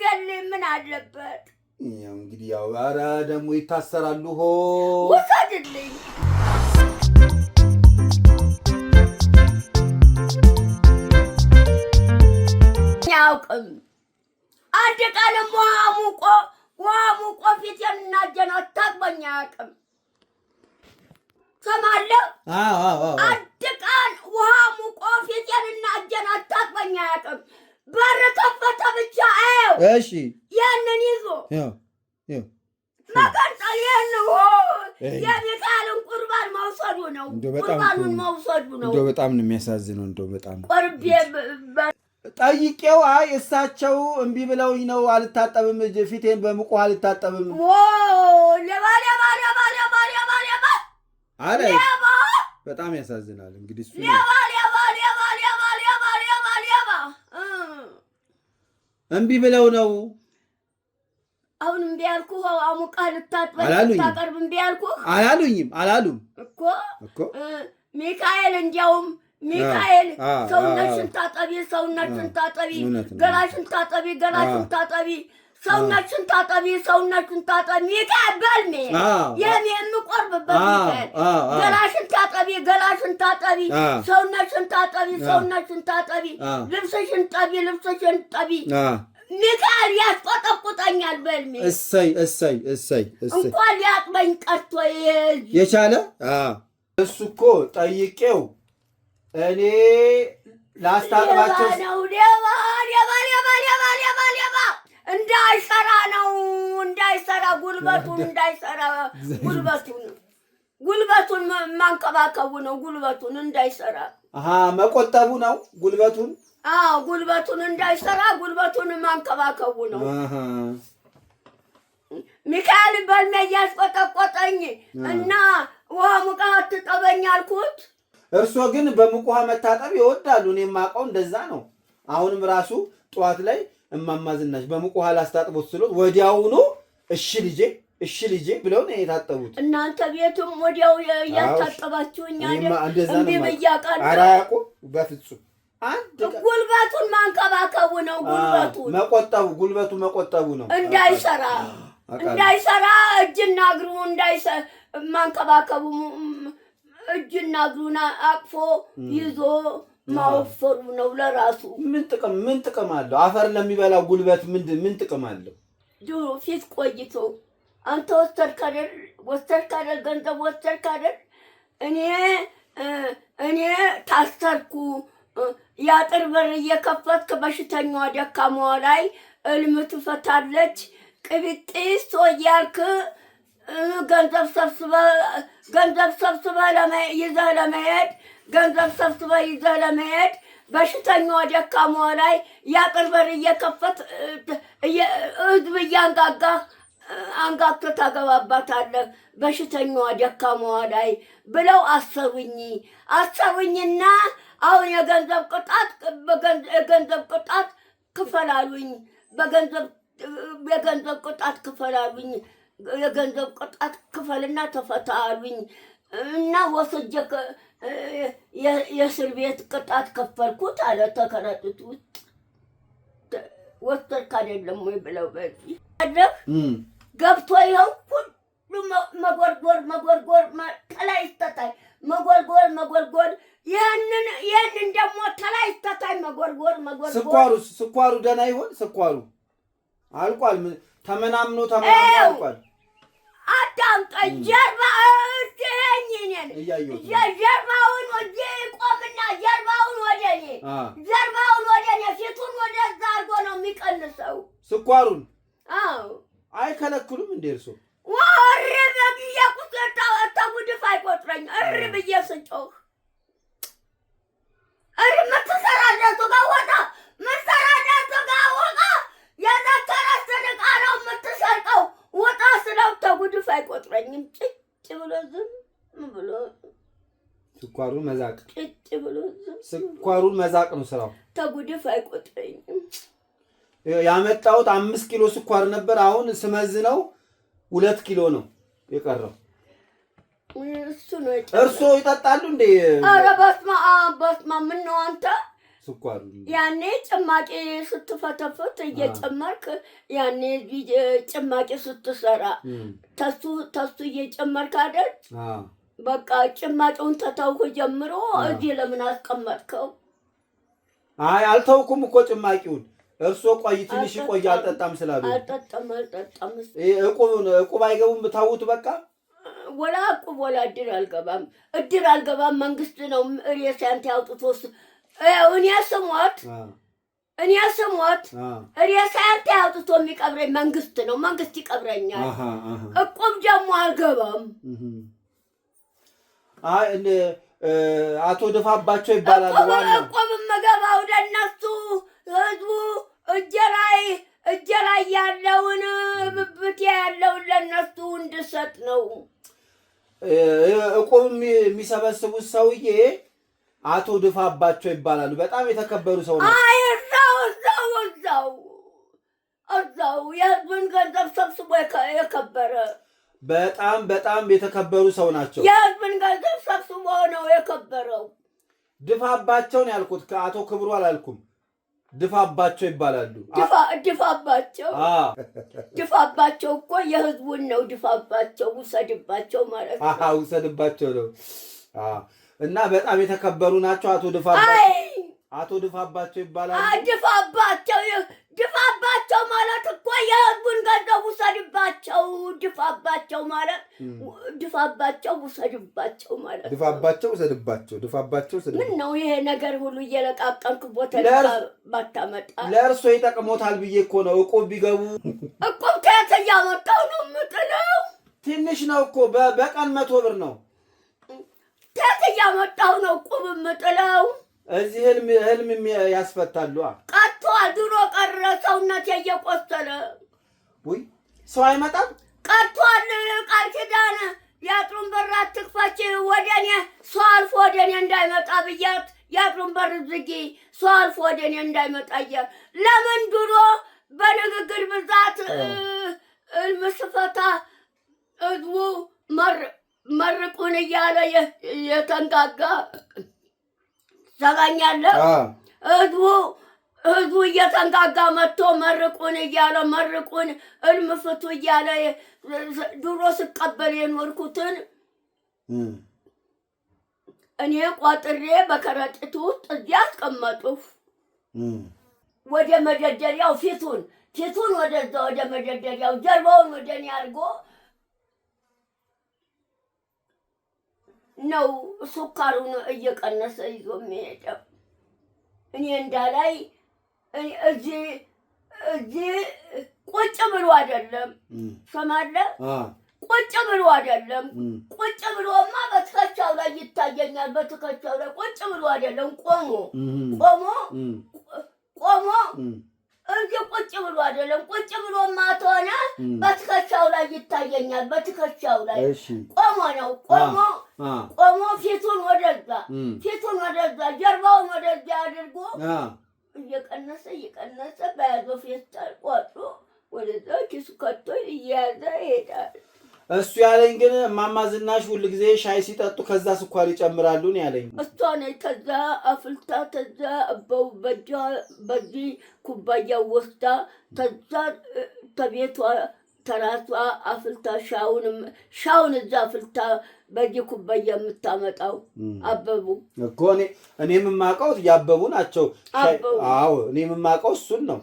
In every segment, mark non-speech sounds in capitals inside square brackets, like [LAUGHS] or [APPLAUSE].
ገባሩን ምን አለበት? እንግዲህ ኧረ ደግሞ ይታሰራሉ። ሆ ውሰድልኝ አያውቅም። አንድ ቀንም ውሃ ሙቆ ውሃ ሙቆ ፊት የምናጀን አታቅበኝ አያውቅም። ሰማለሁ አንድ ቀን ውሃ ሙቆ ፊቴንና እጄን አታጥበኛ አያውቅም። በር ከፈተ ብቻ አየው። እሺ ያንን ይዞ መቀጠል ይህን የሚካኤልን ቁርባን መውሰዱ ነው። ቁርባኑን መውሰዱ ነው። እንደው በጣም ነው የሚያሳዝነው። እንደው በጣም ጠይቄው አይ እሳቸው እምቢ ብለውኝ ነው አልታጠብም፣ ፊቴን በምቁ አልታጠብም በጣም ያሳዝናል እንግዲህ እምቢ ብለው ነው። አሁን እምቢ አልኩህ። አሙቃህ ልታጥበህ እምቢ አልኩህ። አላሉኝም አላሉም እኮ ሚካኤል እንዲያውም ሚካኤል ሰውነትሽን ታጠቢ፣ ሰውነትሽን ታጠቢ፣ ገላሽን ታጠቢ፣ ገላሽን ታጠቢ ሰውናችን ታጠቢ፣ ሰውናችን ታጠቢ። ሚካኤል በልሜ የኔ የምቆርብበት ገላሽን ታጠቢ፣ ገላሽን ታጠቢ፣ ሰውናችን ታጠቢ፣ ሰውናችን ታጠቢ፣ ልብስሽን ጠቢ፣ ልብስሽን ጠቢ። ሚካኤል ያስቆጠቁጠኛል በልሜ። እሰይ እሰይ እሰይ እሰይ እንኳን ሊያጥበኝ ቀርቶ የቻለ እሱ እኮ ጠይቄው እኔ ላስታጥባቸው እንዳይሰራ ነው እንዳይሰራ ጉልበቱን [LAUGHS] እንዳይሰራ ጉልበቱን ጉልበቱን ማንከባከቡ ነው። ጉልበቱን እንዳይሰራ መቆጠቡ ነው። ጉልበቱን አዎ፣ ጉልበቱን እንዳይሰራ ጉልበቱን ማንከባከቡ ነው። ሚካኤል በልሜ እያስቆጠቆጠኝ እና ውሃ ሙቃ ትጠበኝ አልኩት። እርሶ ግን በሙቅ ውሃ መታጠብ ይወዳሉ። እኔ የማውቀው እንደዛ ነው። አሁንም ራሱ ጠዋት ላይ እማማ ዝናሽ በሙቅ ውሃ ላስታጥቦት ስሎት ወዲያውኑ እሺ ልጄ እሺ ልጄ ብለው ነው የታጠቡት። እናንተ ቤቱም ወዲያው እያታጠባችሁ እኛ እንዴ ብያቃል። ኧረ አያውቁም በፍጹም። ጉልበቱን ማንከባከቡ ነው ጉልበቱ መቆጠቡ ጉልበቱ መቆጠቡ ነው እንዳይሰራ እንዳይሰራ እጅና እግሩ እንዳይሰ ማንከባከቡ እጅና እግሩን አቅፎ ይዞ ማወፈሩ ነው ለራሱ። ምን ጥቅም ምን ጥቅም አለው? አፈር ለሚበላው ጉልበት ምንድን ምን ጥቅም አለው? ድሮ ፊት ቆይቶ አንተ ወሰድክ ካደር ወሰድክ ካደር ገንዘብ ወሰድክ ካደር እኔ እኔ ታሰርኩ የአጥር በር እየከፈትክ በሽተኛዋ ደካማዋ ላይ እልም ትፈታለች ቅብጤ ሶያልክ ገንዘብ ሰብስበ ገንዘብ ሰብስበ ይዘህ ለመሄድ ገንዘብ ሰብስበ ይዘ ለመሄድ በሽተኛዋ ደካማዋ ላይ ያቅርበር እየከፈት ህዝብ እያንጋጋ አንጋቶ ታገባባታለህ በሽተኛዋ ደካማዋ ላይ ብለው አሰቡኝ አሰቡኝና አሁን የገንዘብ ቅጣት የገንዘብ ቅጣት ክፈላሉኝ በገንዘብ የገንዘብ ቅጣት ክፈላሉኝ የገንዘብ ቅጣት ክፈልና ተፈታሉኝ እና ወስጄ የእስር ቤት ቅጣት ከፈልኩት አለ። ተከራጡት ውስጥ ወሰድክ አይደለም ወይ ብለው በዚህ አደግ ገብቶ ይኸው ሁሉ መጎርጎር መጎርጎር ተላይ ስተታይ መጎርጎር መጎርጎር ይህንን ይህንን ደግሞ ተላይ ስተታይ መጎርጎር መጎርጎር ስኳሩ ስኳሩ ደህና ይሆን ስኳሩ አልቋል። ተመናምኖ ተመናምኖ አልቋል። አዳምጠኝ። ጀርባ እርድኝ ጀርባውን ወደ ቆምና ጀርባውን ወደ እኔ ጀርባውን ወደ እኔ ፊቱን ወደ እዛ አድርጎ ነው የሚቀንሰው ስኳሩን። አዎ አይከለክሉም እንደ እርሶ እሪ በብዬ ተጉድፍ አይቆጥረኝ እሪ ብዬ ስጮህ ጉድፍ አይቆጥረኝም። ጭጭ ብሎ ዝም ብሎ ስኳሩን መዛቅ ጭጭ ብሎ ዝም ስኳሩን መዛቅ ነው ስራው። ተጉድፍ አይቆጥረኝም። ያመጣሁት አምስት ኪሎ ስኳር ነበር። አሁን ስመዝነው ሁለት ኪሎ ነው የቀረው። እርሶ ይጠጣሉ እንዴ? ኧረ በስመ አብ በስመ አብ። ምነው አንተ ስኳር ያኔ ጭማቂ ስትፈተፍት እየጨመርክ ያኔ ጭማቂ ስትሰራ ተሱ ተሱ እየጨመርክ አይደል? በቃ ጭማቂውን ተተውኩ ጀምሮ እዚህ ለምን አስቀመጥከው? አይ አልተውኩም እኮ ጭማቂውን እርሶ ቆይ ትንሽ ቆይ አልጠጣም ስላሉ አልጠጣም አልጠጣም። እቁብ እቁብ አይገቡም ብታውት በቃ ወላ እቁብ ወላ እድር አልገባም እድር አልገባም። መንግስት ነው ሬሳንት ያውጡት እኔ ስሞት እኔ ስሞት ሬሳዬን አውጥቶ የሚቀብረኝ መንግስት ነው። መንግስት ይቀብረኛል። እቁብ ደግሞ አልገባም። አቶ ድፋባቸው ይባላል። እቁብ የምገባው ለእነሱ ህዝቡ እጄ ላይ እጄ ላይ ያለውን ብብቴ ያለውን ለእነሱ እንድሰጥ ነው። እቁብ የሚሰበስቡት ሰውዬ አቶ ድፋባቸው ይባላሉ። በጣም የተከበሩ ሰው ነው። አይ እዛው እዛው እዛው እዛው የህዝብን ገንዘብ ሰብስቦ የከበረ በጣም በጣም የተከበሩ ሰው ናቸው። የህዝብን ገንዘብ ሰብስቦ ነው የከበረው። ነው ያልኩት ከአቶ ክብሩ አላልኩም። ድፋባቸው ይባላሉ። ድፋባቸው ድፋባቸው እኮ የህዝቡን ነው። ድፋባቸው ውሰድባቸው ማለት ነው። ውሰድባቸው ነው እና በጣም የተከበሩ ናቸው። አቶ ድፋባቸው አቶ ድፋባቸው ይባላሉ። ድፋባቸው ድፋባቸው ማለት እኮ የህጉን ገንዘብ ውሰድባቸው። ድፋባቸው ማለት ድፋባቸው ውሰድባቸው ማለት ድፋባቸው ውሰድባቸው ድፋባቸው ውሰድ። ምን ነው ይሄ ነገር ሁሉ እየለቃቀምክ ቦታ ባታመጣ ለእርሶ ይጠቅሞታል ብዬ እኮ ነው። እቁብ ቢገቡ እቁብ ከየት እያመጣው ነው የምጥለው? ትንሽ ነው እኮ በቀን መቶ ብር ነው ኬት እያመጣሁ ነው ቁብ የምጥለው። እዚህ ህልም ህልም ያስፈታሉ። ቀጥቶ አድሮ ቀረ ሰውነት እየቆሰለ ውይ፣ ሰው አይመጣም። ቀጥቷል። ቃል ኪዳን የአጥሩን በር አትክፈች፣ ወደ እኔ ሰው አልፎ ወደ እኔ እንዳይመጣ ብያት፣ የአጥሩን በር ዝጊ፣ ሰው አልፎ ወደ እኔ እንዳይመጣ እያ ለምን ድሮ በንግግር ብዛት ህልም ስፈታ ህዝቡ መር መርቁን እያለ የተንጋጋ ሰባኛለሁ ህዝቡ ህዝቡ እየተንጋጋ መጥቶ መርቁን እያለ መርቁን እልም ፍቱ እያለ ድሮ ስቀበል የኖርኩትን እኔ ቋጥሬ በከረጢት ውስጥ እዚህ አስቀመጡሁ። ወደ መደርደሪያው ፊቱን ፊቱን ወደዛ ወደ መደርደሪያው ጀርባውን ወደ እኔ አድርጎ ነው ሱካሩን እየቀነሰ ይዞ የሚሄደው። እኔ እንዳላይ እዚህ እዚህ ቁጭ ብሎ አይደለም ሰማለ ቁጭ ብሎ አይደለም። ቁጭ ብሎማ በትከቻው ላይ ይታየኛል። በትከቻው ላይ ቁጭ ብሎ አይደለም ቆሞ ቆሞ ቆሞ እንጂ ቁጭ ብሎ አይደለም። ቁጭ ብሎ ማትሆነ በትከሻው ላይ ይታየኛል። በትከሻው ላይ ቆሞ ነው። ቆሞ ቆሞ ፊቱን ወደዛ ፊቱን ወደዛ ጀርባውን ወደዛ አድርጎ እየቀነሰ እየቀነሰ በያዘው ፌስታል ቆጡ ወደዛ ኪሱ ከቶ እየያዘ ይሄዳል። እሱ ያለኝ ግን እማማ ዝናሽ ሁል ጊዜ ሻይ ሲጠጡ ከዛ ስኳር ይጨምራሉ ነው ያለኝ። እሷ ከዛ አፍልታ ከዛ በው በጃ በዚህ ኩባያ ወስዳ ከዛ ከቤቷ ከራሷ አፍልታ ሻውን ሻውን እዛ አፍልታ በዚህ ኩባያ የምታመጣው አበቡ እኮ እኔ የምማቀው ያበቡ ናቸው። አዎ እኔ የምማቀው እሱን ነው።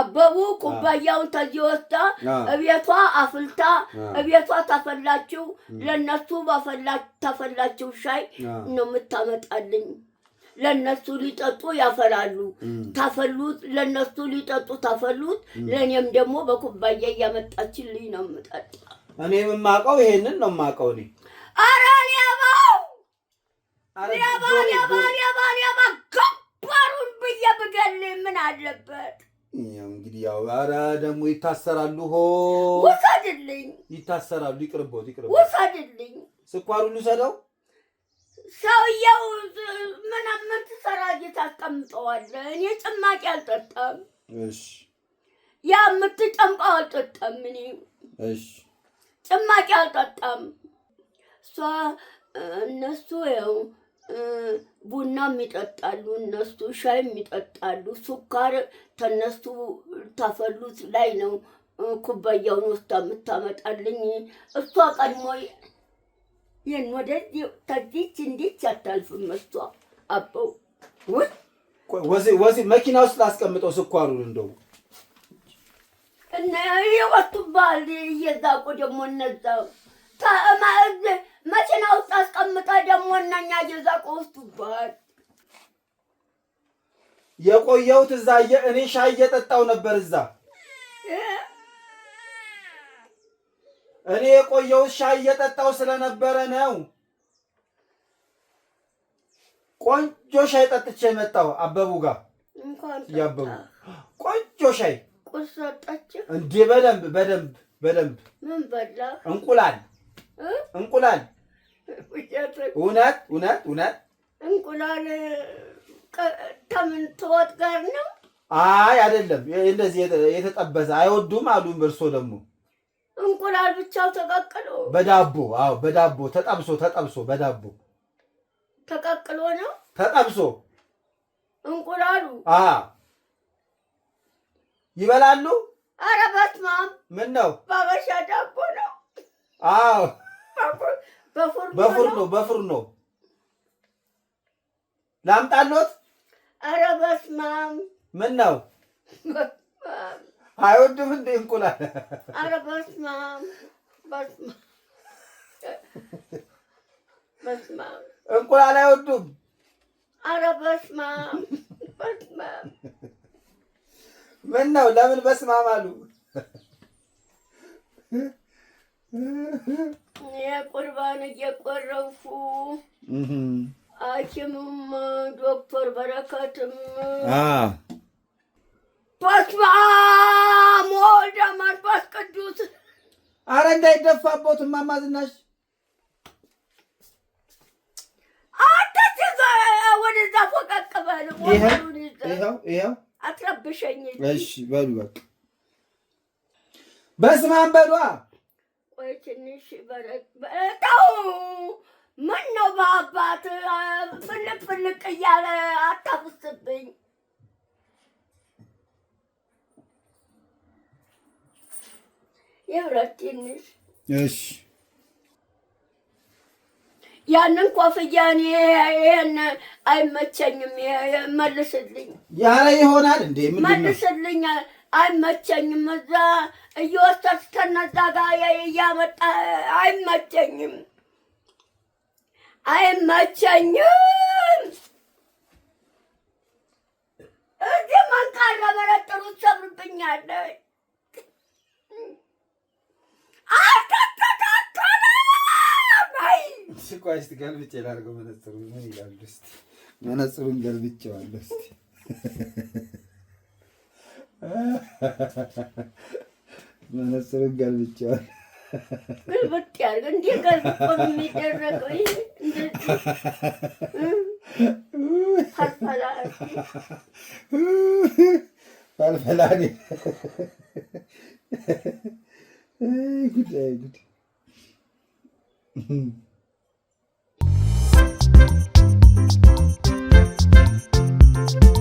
አበቡ ኩባያውን ተዚህ ወስዳ እቤቷ አፍልታ እቤቷ ተፈላችው ለነሱ ተፈላችው ሻይ ነው የምታመጣልኝ። ለነሱ ሊጠጡ ያፈላሉ ታፈሉት፣ ለነሱ ሊጠጡ ታፈሉት፣ ለእኔም ደግሞ በኩባያ እያመጣችልኝ ነው የምጠጣ። እኔ የማውቀው ይሄንን ነው የማውቀው እኔ። ኧረ ሌባው ሌባ ሌባ ሌባ ሌባ ከባሩን ብዬ ብገል ምን አለበት? እንግዲህ ያው ኧረ ደግሞ ይታሰራሉ። ሆ ውሰድልኝ፣ ይታሰራሉ። ይቅርቦት፣ ይቅርቦት፣ ውሰድልኝ። ስኳሩን ልውሰደው። ሰውየው ምናምን ትሰራ እየታስቀምጠዋለህ። እኔ ጭማቂ አልጠጣም። እሺ፣ ያ የምትጨምቀው አልጠጣም። እኔ እሺ፣ ጭማቂ አልጠጣም። እሷ እነሱ ያው ቡናም ይጠጣሉ እነሱ፣ ሻይም ይጠጣሉ። ሱካር ተነሱ ታፈሉት ላይ ነው ኩባያውን ወስዳ የምታመጣልኝ እሷ። ቀድሞ ይህን ወደዚህ ተዚች እንዲች አታልፍም እሷ። አበው ወዚ መኪና ውስጥ ላስቀምጠው ስኳሩን እንደው እና ይወጡባል እየዛቁ ደግሞ እነዛ መኪና ውስጥ አስቀምጠ ደግሞ እነኛ እየዛቁ ውስጥ የቆየሁት እዛ እኔ ሻይ እየጠጣሁ ነበር። እዛ እኔ የቆየሁት ሻይ እየጠጣሁ ስለነበረ ነው። ቆንጆ ሻይ ጠጥቼ መጣሁ። አበቡ ጋር ያበቡ ቆንጆ ሻይ ቁርስ ሰጠች እንዴ? በደንብ በደንብ በደንብ ምን በላ እንቁላል እንቁላል እውነት እውነት እውነት እንቁላል ከምን ተወጥ ጋር ነው? አይ አይደለም፣ እንደዚህ የተጠበሰ አይወዱም አሉ እርሶ ደግሞ። እንቁላል ብቻው ተቀቅሎ በዳቦ አዎ፣ በዳቦ ተጠብሶ ተጠብሶ በዳቦ ተቀቅሎ ነው ተጠብሶ እንቁላሉ። ይበላሉ። ኧረ በስመ አብ! ምን ነው ባበሻ ዳቦ ነው? አዎ በፉርኖ በፉርኖ ላምጣልዎት? አረ በስመ አብ! ምን ነው አይወድም እንደ እንቁላል። አረ በስመ አብ! በስመ አብ! እንቁላል አይወዱም። ኧረ በስመ አብ! በስመ ምን ነው ለምን በስመ አብ አሉ? Ya kurbanı ya kurrufu. Hakimim doktor berekatım. Ha. በስመአብ ወወልድ መንፈስ ቅዱስ። አረ እንዳይደፋቦት እማማ ዝናሽ አንተስ ወደዛ ፎቀቅ በል አትረብሸኝ። እሺ በሉ በቃ በስመ አብ በሏ ቆይ ትንሽ በጣው ምን ነው በአባት ፍልቅ ፍልቅ እያለ አታብስብኝ። እሺ። ያንን ኮፍያ ይሄን አይመቸኝም፣ መልስልኝ። ያ ይሆናል እንዴ? መልስልኝ አይመቸኝም። እዛ እየወሰድክ ከነዛ ጋር እያመጣ አይመቸኝም፣ አይመቸኝም። እዚህ መንካራ መረጥሩ ሰብርብኛለች ስኳስቲ ገልብጬ ላድርገው። መነጽሩ ምን ይላል? እስኪ መነጽሩን ገልብጬዋለሁ። እስኪ መነጽርን ገልብጫዋል። ግልብጥ ያለ እንዲህ ገልብጦ የሚደረገው ይሄ ፈልፈላኒ ጉዳይ ጉድ Thank you.